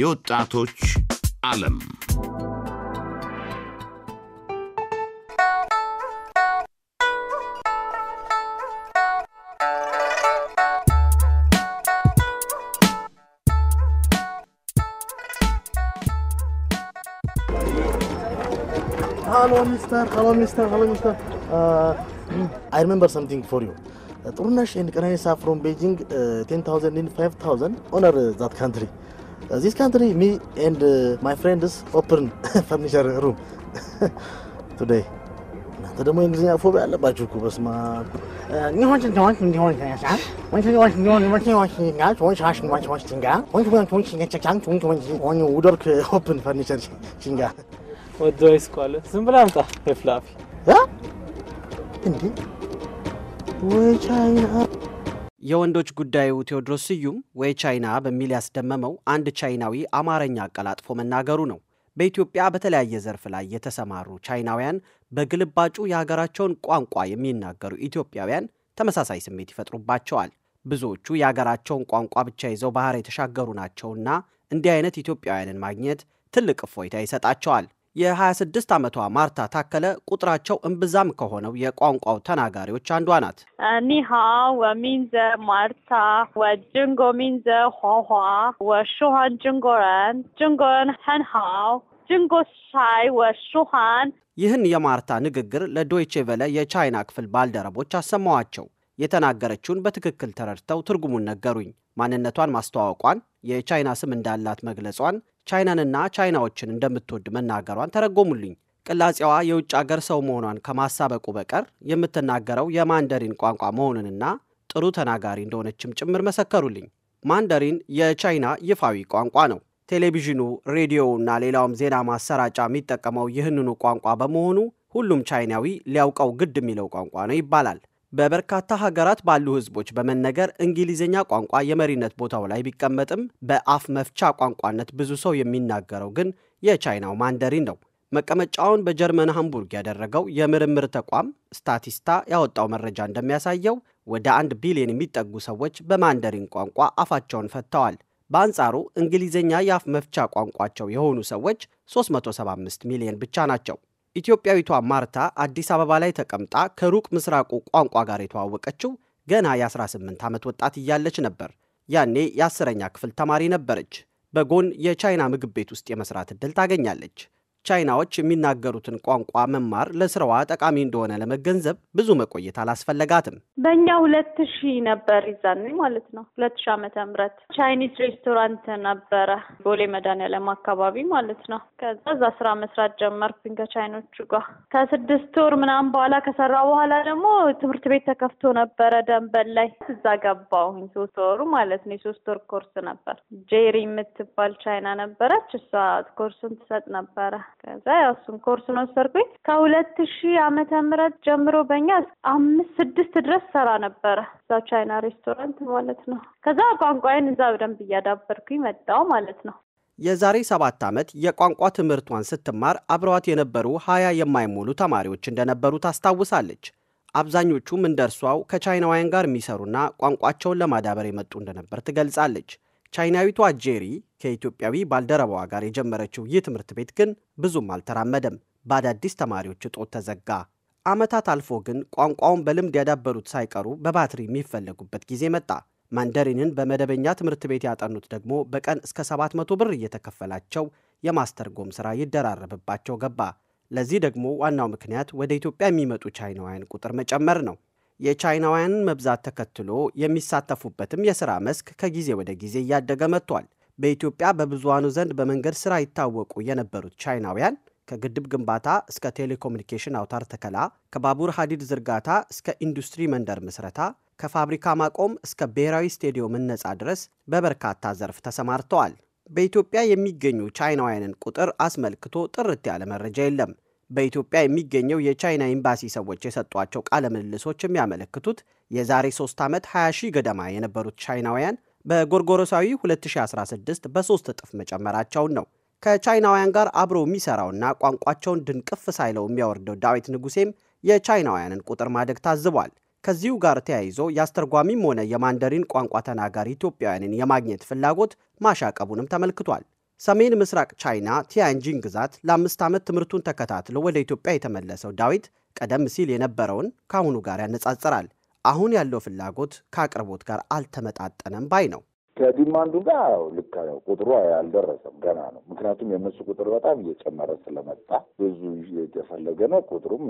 የወጣቶች ዓለም Hello, mister. Hello, mister. Hello, mister. Uh, I remember something for you. Uh, Turnash and Kananisa from Beijing, uh, 10,000 in 5,000. Honor uh, that country. this country, me and uh, my friend open furniture room today. እናንተ ደግሞ የእንግሊዝኛ ፎቢያ እኮ ውደርክ ኦፕን ፈርኒቸር ሽንጋ ወደ ይስኳለ ዝም ብላ አምጣ ፍላፊ እንዴ ወይ ቻይና የወንዶች ጉዳዩ ቴዎድሮስ ስዩም ወይ ቻይና በሚል ያስደመመው አንድ ቻይናዊ አማርኛ አቀላጥፎ መናገሩ ነው። በኢትዮጵያ በተለያየ ዘርፍ ላይ የተሰማሩ ቻይናውያን በግልባጩ የሀገራቸውን ቋንቋ የሚናገሩ ኢትዮጵያውያን ተመሳሳይ ስሜት ይፈጥሩባቸዋል። ብዙዎቹ የሀገራቸውን ቋንቋ ብቻ ይዘው ባህር የተሻገሩ ናቸውና እንዲህ አይነት ኢትዮጵያውያንን ማግኘት ትልቅ እፎይታ ይሰጣቸዋል። የ26 ዓመቷ ማርታ ታከለ ቁጥራቸው እምብዛም ከሆነው የቋንቋው ተናጋሪዎች አንዷ ናት። ኒሃ ወሚንዘ ማርታ ወጅንጎ ሚንዘ ኋኋ ወሹሃን ጅንጎረን ጅንጎን ሀንሃው ጅንጎ ሻይ ወሹሃን። ይህን የማርታ ንግግር ለዶይቼ ቬለ የቻይና ክፍል ባልደረቦች አሰማዋቸው። የተናገረችውን በትክክል ተረድተው ትርጉሙን ነገሩኝ። ማንነቷን ማስተዋወቋን፣ የቻይና ስም እንዳላት መግለጿን ቻይናንና ቻይናዎችን እንደምትወድ መናገሯን ተረጎሙልኝ። ቅላጼዋ የውጭ አገር ሰው መሆኗን ከማሳበቁ በቀር የምትናገረው የማንደሪን ቋንቋ መሆኑንና ጥሩ ተናጋሪ እንደሆነችም ጭምር መሰከሩልኝ። ማንደሪን የቻይና ይፋዊ ቋንቋ ነው። ቴሌቪዥኑ፣ ሬዲዮውና ሌላውም ዜና ማሰራጫ የሚጠቀመው ይህንኑ ቋንቋ በመሆኑ ሁሉም ቻይናዊ ሊያውቀው ግድ የሚለው ቋንቋ ነው ይባላል። በበርካታ ሀገራት ባሉ ህዝቦች በመነገር እንግሊዝኛ ቋንቋ የመሪነት ቦታው ላይ ቢቀመጥም በአፍ መፍቻ ቋንቋነት ብዙ ሰው የሚናገረው ግን የቻይናው ማንደሪን ነው። መቀመጫውን በጀርመን ሃምቡርግ ያደረገው የምርምር ተቋም ስታቲስታ ያወጣው መረጃ እንደሚያሳየው ወደ አንድ ቢሊዮን የሚጠጉ ሰዎች በማንደሪን ቋንቋ አፋቸውን ፈትተዋል። በአንጻሩ እንግሊዝኛ የአፍ መፍቻ ቋንቋቸው የሆኑ ሰዎች 375 ሚሊዮን ብቻ ናቸው። ኢትዮጵያዊቷ ማርታ አዲስ አበባ ላይ ተቀምጣ ከሩቅ ምስራቁ ቋንቋ ጋር የተዋወቀችው ገና የ18 ዓመት ወጣት እያለች ነበር። ያኔ የአስረኛ ክፍል ተማሪ ነበረች። በጎን የቻይና ምግብ ቤት ውስጥ የመስራት ዕድል ታገኛለች። ቻይናዎች የሚናገሩትን ቋንቋ መማር ለስራዋ ጠቃሚ እንደሆነ ለመገንዘብ ብዙ መቆየት አላስፈለጋትም። በእኛ ሁለት ሺ ነበር ይዛኔ ማለት ነው ሁለት ሺ ዓመተ ምህረት ቻይኒዝ ሬስቶራንት ነበረ ቦሌ መድኃኒዓለም አካባቢ ማለት ነው። ከዛ እዛ ስራ መስራት ጀመርኩኝ ከቻይኖቹ ጋር ከስድስት ወር ምናምን በኋላ ከሰራ በኋላ ደግሞ ትምህርት ቤት ተከፍቶ ነበረ ደንበል ላይ እዛ ገባሁኝ። ሶስት ወሩ ማለት ነው የሶስት ወር ኮርስ ነበር። ጄሪ የምትባል ቻይና ነበረች። እሷ ኮርሱን ትሰጥ ነበረ ከዛ ያው እሱን ኮርሱን ወሰድኩኝ። ከሁለት ሺህ ዓመተ ምህረት ጀምሮ በእኛ አምስት ስድስት ድረስ ሰራ ነበረ እዛ ቻይና ሬስቶራንት ማለት ነው። ከዛ ቋንቋዬን እዛ በደንብ እያዳበርኩኝ መጣው ማለት ነው። የዛሬ ሰባት ዓመት የቋንቋ ትምህርቷን ስትማር አብረዋት የነበሩ ሀያ የማይሞሉ ተማሪዎች እንደነበሩ ታስታውሳለች። አብዛኞቹም እንደ እርሷው ከቻይናውያን ጋር የሚሰሩና ቋንቋቸውን ለማዳበር የመጡ እንደነበር ትገልጻለች። ቻይናዊቷ ጄሪ ከኢትዮጵያዊ ባልደረባዋ ጋር የጀመረችው ይህ ትምህርት ቤት ግን ብዙም አልተራመደም። በአዳዲስ ተማሪዎች እጦት ተዘጋ። ዓመታት አልፎ ግን ቋንቋውን በልምድ ያዳበሩት ሳይቀሩ በባትሪ የሚፈለጉበት ጊዜ መጣ። ማንደሪንን በመደበኛ ትምህርት ቤት ያጠኑት ደግሞ በቀን እስከ 700 ብር እየተከፈላቸው የማስተርጎም ሥራ ይደራረብባቸው ገባ። ለዚህ ደግሞ ዋናው ምክንያት ወደ ኢትዮጵያ የሚመጡ ቻይናውያን ቁጥር መጨመር ነው። የቻይናውያንን መብዛት ተከትሎ የሚሳተፉበትም የሥራ መስክ ከጊዜ ወደ ጊዜ እያደገ መጥቷል። በኢትዮጵያ በብዙሃኑ ዘንድ በመንገድ ሥራ ይታወቁ የነበሩት ቻይናውያን ከግድብ ግንባታ እስከ ቴሌኮሙኒኬሽን አውታር ተከላ፣ ከባቡር ሀዲድ ዝርጋታ እስከ ኢንዱስትሪ መንደር ምስረታ፣ ከፋብሪካ ማቆም እስከ ብሔራዊ ስቴዲየም ህንጻ ድረስ በበርካታ ዘርፍ ተሰማርተዋል። በኢትዮጵያ የሚገኙ ቻይናውያንን ቁጥር አስመልክቶ ጥርት ያለ መረጃ የለም። በኢትዮጵያ የሚገኘው የቻይና ኤምባሲ ሰዎች የሰጧቸው ቃለ ምልልሶች የሚያመለክቱት የዛሬ 3 ዓመት 20 ሺህ ገደማ የነበሩት ቻይናውያን በጎርጎሮሳዊ 2016 በሦስት እጥፍ መጨመራቸውን ነው። ከቻይናውያን ጋር አብሮ የሚሰራውና ቋንቋቸውን ድንቅፍ ሳይለው የሚያወርደው ዳዊት ንጉሴም የቻይናውያንን ቁጥር ማደግ ታዝቧል። ከዚሁ ጋር ተያይዞ የአስተርጓሚም ሆነ የማንደሪን ቋንቋ ተናጋሪ ኢትዮጵያውያንን የማግኘት ፍላጎት ማሻቀቡንም ተመልክቷል። ሰሜን ምስራቅ ቻይና ቲያንጂን ግዛት ለአምስት ዓመት ትምህርቱን ተከታትሎ ወደ ኢትዮጵያ የተመለሰው ዳዊት ቀደም ሲል የነበረውን ከአሁኑ ጋር ያነጻጽራል። አሁን ያለው ፍላጎት ከአቅርቦት ጋር አልተመጣጠነም ባይ ነው። ከዲማንዱ ጋር ልክ ቁጥሩ አልደረሰም፣ ገና ነው። ምክንያቱም የእነሱ ቁጥር በጣም እየጨመረ ስለመጣ ብዙ እየተፈለገ ነው። ቁጥሩም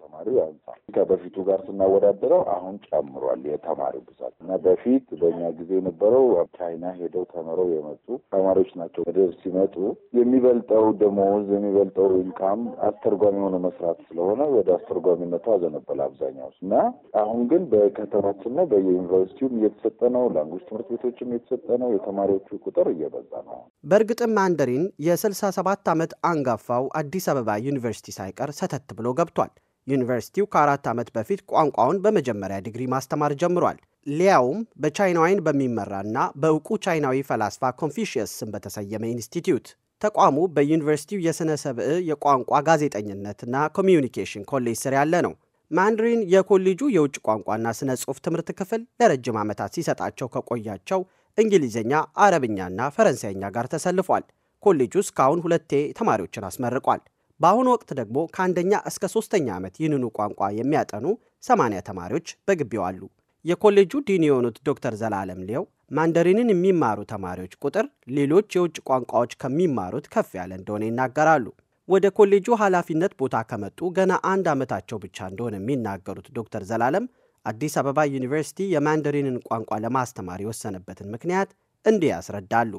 ተማሪው ያንሳል። ከበፊቱ ጋር ስናወዳደረው አሁን ጨምሯል የተማሪ ብዛት እና በፊት በእኛ ጊዜ የነበረው ቻይና ሄደው ተምረው የመጡ ተማሪዎች ናቸው። ወደ ሲመጡ የሚበልጠው ደሞዝ የሚበልጠው ኢንካም አስተርጓሚ የሆነ መስራት ስለሆነ ወደ አስተርጓሚነቱ አዘነበል አብዛኛው እና አሁን ግን በከተማችን ነው በየዩኒቨርሲቲውም እየተሰጠ ነው ላንጉጅ ትምህርት ቤቶች ተማሪዎችም የተሰጠ ነው። የተማሪዎቹ ቁጥር እየበዛ ነው። በእርግጥም ማንደሪን የ67 ዓመት አንጋፋው አዲስ አበባ ዩኒቨርሲቲ ሳይቀር ሰተት ብሎ ገብቷል። ዩኒቨርሲቲው ከአራት ዓመት በፊት ቋንቋውን በመጀመሪያ ዲግሪ ማስተማር ጀምሯል። ሊያውም በቻይናዊን በሚመራና በእውቁ ቻይናዊ ፈላስፋ ኮንፊሽየስ ስም በተሰየመ ኢንስቲትዩት። ተቋሙ በዩኒቨርሲቲው የሥነ ሰብዕ የቋንቋ ጋዜጠኝነትና ኮሚዩኒኬሽን ኮሌጅ ስር ያለ ነው። ማንድሪን የኮሌጁ የውጭ ቋንቋና ስነ ጽሑፍ ትምህርት ክፍል ለረጅም ዓመታት ሲሰጣቸው ከቆያቸው እንግሊዝኛ፣ አረብኛና ፈረንሳይኛ ጋር ተሰልፏል። ኮሌጁ እስካሁን ሁለቴ ተማሪዎችን አስመርቋል። በአሁኑ ወቅት ደግሞ ከአንደኛ እስከ ሶስተኛ ዓመት ይህንኑ ቋንቋ የሚያጠኑ 80 ተማሪዎች በግቢው አሉ። የኮሌጁ ዲን የሆኑት ዶክተር ዘላለም ሌው ማንደሪንን የሚማሩ ተማሪዎች ቁጥር ሌሎች የውጭ ቋንቋዎች ከሚማሩት ከፍ ያለ እንደሆነ ይናገራሉ። ወደ ኮሌጁ ኃላፊነት ቦታ ከመጡ ገና አንድ ዓመታቸው ብቻ እንደሆነ የሚናገሩት ዶክተር ዘላለም አዲስ አበባ ዩኒቨርሲቲ የማንደሪንን ቋንቋ ለማስተማር የወሰነበትን ምክንያት እንዲህ ያስረዳሉ።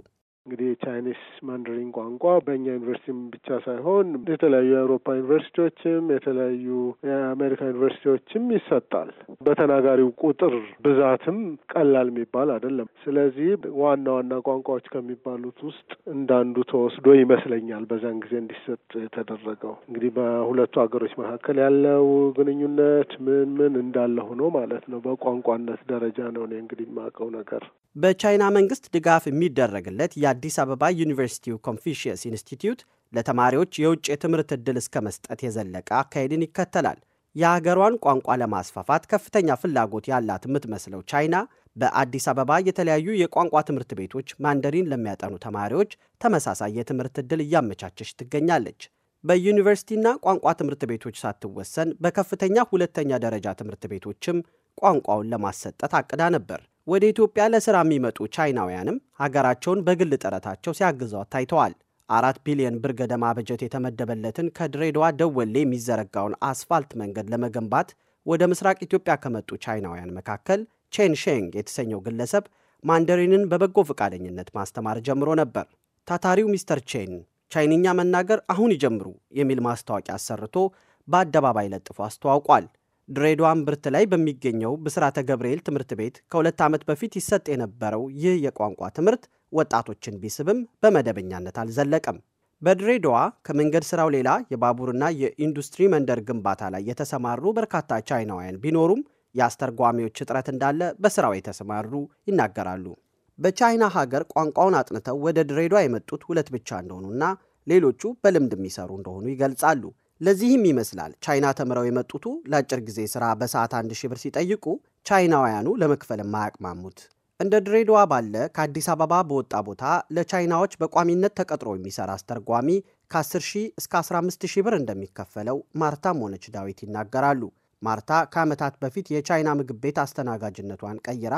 እንግዲህ የቻይኒስ ማንደሪን ቋንቋ በእኛ ዩኒቨርሲቲም ብቻ ሳይሆን የተለያዩ የአውሮፓ ዩኒቨርሲቲዎችም የተለያዩ የአሜሪካ ዩኒቨርሲቲዎችም ይሰጣል። በተናጋሪው ቁጥር ብዛትም ቀላል የሚባል አይደለም። ስለዚህ ዋና ዋና ቋንቋዎች ከሚባሉት ውስጥ እንዳንዱ ተወስዶ ይመስለኛል በዛን ጊዜ እንዲሰጥ የተደረገው። እንግዲህ በሁለቱ ሀገሮች መካከል ያለው ግንኙነት ምን ምን እንዳለ ሆኖ ማለት ነው። በቋንቋነት ደረጃ ነው እኔ እንግዲህ የማውቀው ነገር። በቻይና መንግስት ድጋፍ የሚደረግለት የአዲስ አበባ ዩኒቨርሲቲው ኮንፊሽየስ ኢንስቲትዩት ለተማሪዎች የውጭ የትምህርት ዕድል እስከ መስጠት የዘለቀ አካሄድን ይከተላል። የሀገሯን ቋንቋ ለማስፋፋት ከፍተኛ ፍላጎት ያላት የምትመስለው ቻይና በአዲስ አበባ የተለያዩ የቋንቋ ትምህርት ቤቶች ማንደሪን ለሚያጠኑ ተማሪዎች ተመሳሳይ የትምህርት ዕድል እያመቻቸች ትገኛለች። በዩኒቨርሲቲና ቋንቋ ትምህርት ቤቶች ሳትወሰን በከፍተኛ ሁለተኛ ደረጃ ትምህርት ቤቶችም ቋንቋውን ለማሰጠት አቅዳ ነበር። ወደ ኢትዮጵያ ለስራ የሚመጡ ቻይናውያንም ሀገራቸውን በግል ጥረታቸው ሲያግዟት ታይተዋል። አራት ቢሊዮን ብር ገደማ በጀት የተመደበለትን ከድሬዳዋ ደወሌ የሚዘረጋውን አስፋልት መንገድ ለመገንባት ወደ ምስራቅ ኢትዮጵያ ከመጡ ቻይናውያን መካከል ቼን ሼንግ የተሰኘው ግለሰብ ማንደሪንን በበጎ ፈቃደኝነት ማስተማር ጀምሮ ነበር። ታታሪው ሚስተር ቼን ቻይንኛ መናገር አሁን ይጀምሩ የሚል ማስታወቂያ አሰርቶ በአደባባይ ለጥፎ አስተዋውቋል። ድሬዳዋን ብርት ላይ በሚገኘው ብስራተ ገብርኤል ትምህርት ቤት ከሁለት ዓመት በፊት ይሰጥ የነበረው ይህ የቋንቋ ትምህርት ወጣቶችን ቢስብም በመደበኛነት አልዘለቀም። በድሬዳዋ ከመንገድ ስራው ሌላ የባቡርና የኢንዱስትሪ መንደር ግንባታ ላይ የተሰማሩ በርካታ ቻይናውያን ቢኖሩም የአስተርጓሚዎች እጥረት እንዳለ በስራው የተሰማሩ ይናገራሉ። በቻይና ሀገር ቋንቋውን አጥንተው ወደ ድሬዳዋ የመጡት ሁለት ብቻ እንደሆኑና ሌሎቹ በልምድ የሚሰሩ እንደሆኑ ይገልጻሉ። ለዚህም ይመስላል ቻይና ተምረው የመጡቱ ለአጭር ጊዜ ሥራ በሰዓት አንድ ሺህ ብር ሲጠይቁ ቻይናውያኑ ለመክፈል የማያቅማሙት። እንደ ድሬዳዋ ባለ ከአዲስ አበባ በወጣ ቦታ ለቻይናዎች በቋሚነት ተቀጥሮ የሚሰራ አስተርጓሚ ከ10 ሺህ እስከ 15 ሺህ ብር እንደሚከፈለው ማርታም ሆነች ዳዊት ይናገራሉ። ማርታ ከዓመታት በፊት የቻይና ምግብ ቤት አስተናጋጅነቷን ቀይራ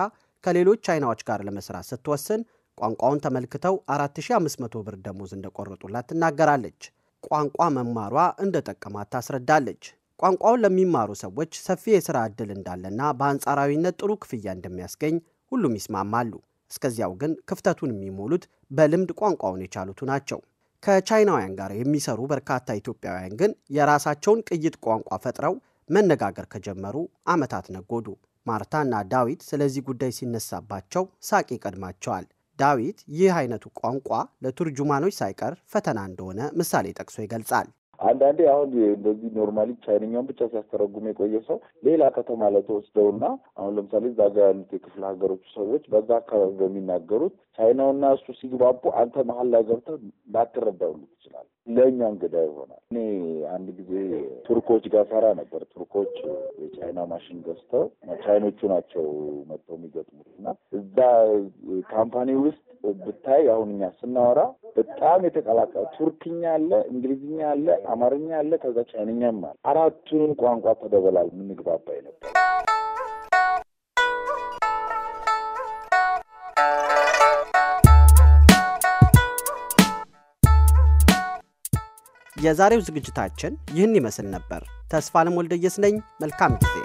ከሌሎች ቻይናዎች ጋር ለመስራት ስትወስን ቋንቋውን ተመልክተው 4500 ብር ደሞዝ እንደቆረጡላት ትናገራለች። ቋንቋ መማሯ እንደጠቀማት ታስረዳለች። ቋንቋውን ለሚማሩ ሰዎች ሰፊ የሥራ ዕድል እንዳለና በአንጻራዊነት ጥሩ ክፍያ እንደሚያስገኝ ሁሉም ይስማማሉ። እስከዚያው ግን ክፍተቱን የሚሞሉት በልምድ ቋንቋውን የቻሉቱ ናቸው። ከቻይናውያን ጋር የሚሰሩ በርካታ ኢትዮጵያውያን ግን የራሳቸውን ቅይጥ ቋንቋ ፈጥረው መነጋገር ከጀመሩ ዓመታት ነጎዱ። ማርታና ዳዊት ስለዚህ ጉዳይ ሲነሳባቸው ሳቅ ይቀድማቸዋል። ዳዊት ይህ አይነቱ ቋንቋ ለቱርጁማኖች ሳይቀር ፈተና እንደሆነ ምሳሌ ጠቅሶ ይገልጻል። አንዳንዴ አሁን እንደዚህ ኖርማሊ ቻይንኛውን ብቻ ሲያስተረጉም የቆየ ሰው ሌላ ከተማ ላይ ተወስደውና አሁን ለምሳሌ እዛ ጋ ያሉት የክፍለ ሀገሮቹ ሰዎች በዛ አካባቢ በሚናገሩት ቻይናውና እሱ ሲግባቡ አንተ መሀል ላይ ገብተህ ላትረዳው ለእኛ እንግዳ ይሆናል። እኔ አንድ ጊዜ ቱርኮች ጋር ሰራ ነበር። ቱርኮች የቻይና ማሽን ገዝተው ቻይኖቹ ናቸው መጥተው የሚገጥሙት እና እዛ ካምፓኒ ውስጥ ብታይ አሁን እኛ ስናወራ በጣም የተቀላቀለ ቱርክኛ አለ፣ እንግሊዝኛ አለ፣ አማርኛ አለ፣ ከዛ ቻይንኛም አለ። አራቱንም ቋንቋ ተደበላል ምንግባባይ ነበር። የዛሬው ዝግጅታችን ይህን ይመስል ነበር። ተስፋለም ወልደየስ ነኝ። መልካም ጊዜ